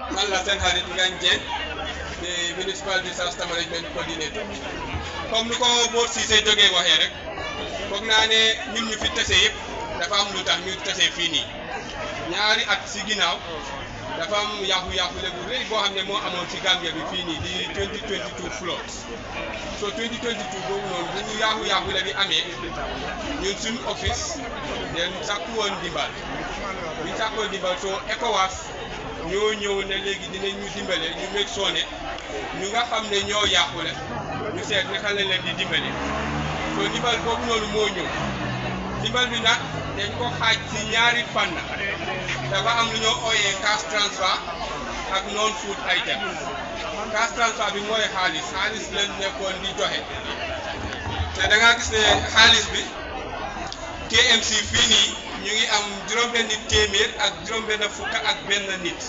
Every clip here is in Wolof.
man la seen xarit Ngagne Dieng di municipal disaster management coordinator comme ni ko Mor Cissé jógee waxee rek foog naa ne ñun ñu fi tase yëpp dafa am lu ñu tase fii nii ñaari at si ginnaaw dafa am yàqu-yàqu léegi rëy boo xam moo amoon si Gambia bi fii nii di 2022 flood so 2022 boobu noonu bu ñu yàqu-yàqu bi amee ñun suñu office den sàkku woon ndimbal bi sàkku woon ndimbal soo ECOWAS ñoo ñëw ne léegi dinañ ñu dimbale ñu meg soone ñu nga xam ne ñoo yàqule ñu seet naka la leen di dimbale so dimbal boobu noonu moo dimbal bi nag dañ ko xaaj ci ñaari fànn dafa am lu ñoo ooyee cash transfer ak non food item cash transfer bi mooy xaalis xaalis lañ nekkoon di joxe te da nga gis ne xaalis bi TMC fii nii ñu ngi am juróom-benni téeméer ak juróom-benn fukk ak benn nit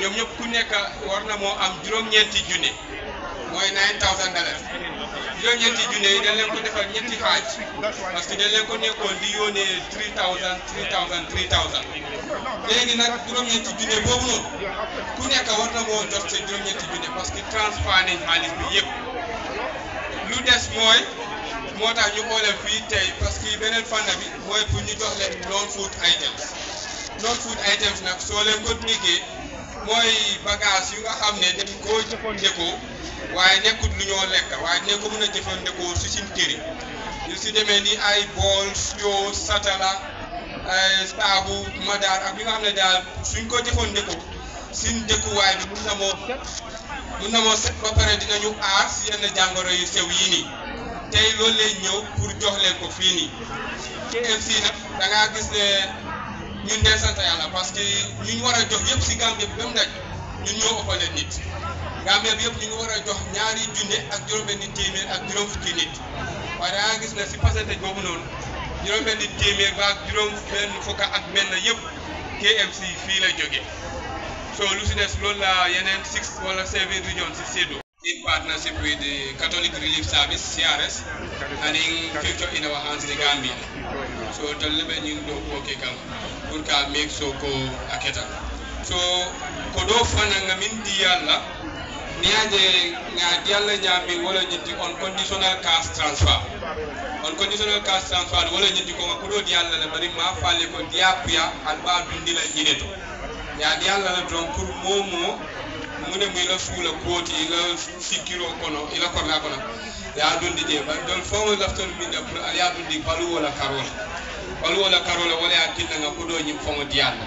ñoom ñëpp ku nekk war na moo am juróom-ñeenti junne mooy nine thousand dollars juróom-ñeenti junne yi dañ leen ko defal ñetti xaaj parce que nekkoon di yónnee three thousand three thousand three thousand léegi ku nekk war na moo jot sa juróom-ñeenti junne parce que transfert nañ xaalis bi yëpp lu des mooy. moo tax ñu boole fii tey parce que beneen fànn bi mooy pour ñu jox leen non food items non food items nag soo leen ko déggee mooy bagage yu nga xam ne dañ koo jëfandikoo waaye nekkut lu ñoo lekk waaye dinañ ko mën a si suñ këriñ si demee ni ay bool yoo satala ay saabu madaar nga xam ne daal suñ ko jëfandikoo suñ dëkkuwaay bi mun na moo mun na moo set ba pare dinañu aar si yenn jàngoro yu sew yii nii. tey loolu lay ñëw pour jox leen ko fii nii KFC nag da gis ne ñun dee sant yàlla parce que ñu ñu war jox yëpp si Gambie bi ba mu daj ñun ñoo ëppale nit Gambie bi ñu ngi jox ñaari junne ak juróom-benni téeméer ak juróom fukki nit waaye da gis ne si pourcentage boobu noonu juróom-benni téeméer ba ak juróom-benn fukk ak benn yëpp KFC fii lay jógee soo lu si des loolu la yeneen six wala seven region si séddoo. big partnership with the Catholic Relief Service, CRS, and in Future in our hands, the Gambia. So, the living in the work, we can make so go aketa. So, kodo fananga min diyalla niaje nga diyalla nyambi wala nyinti on conditional cash transfer on conditional cash transfer wala nyinti ko kodo diyalla le bari ma falle ko diakuya an ba dundi la jineto ya diyalla la don pour momo munembo ila suula kooti ila sikkiro kono ila korla kono ya dundi je bari donc fo mo laftol min da pour ya dundi balu wala karola balu a karola wala ya tinnaga ko ɗo ñim fomo diyalla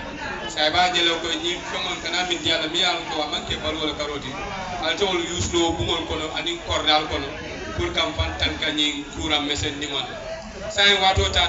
sa ba jelo ko ñim fomon kana min diyalla mi yalan ko manke balu wala karoti altewol yusnoo bugol kono anin kordal kono pour kam fan tan kañi kuram mesen ndimon sa en wato ta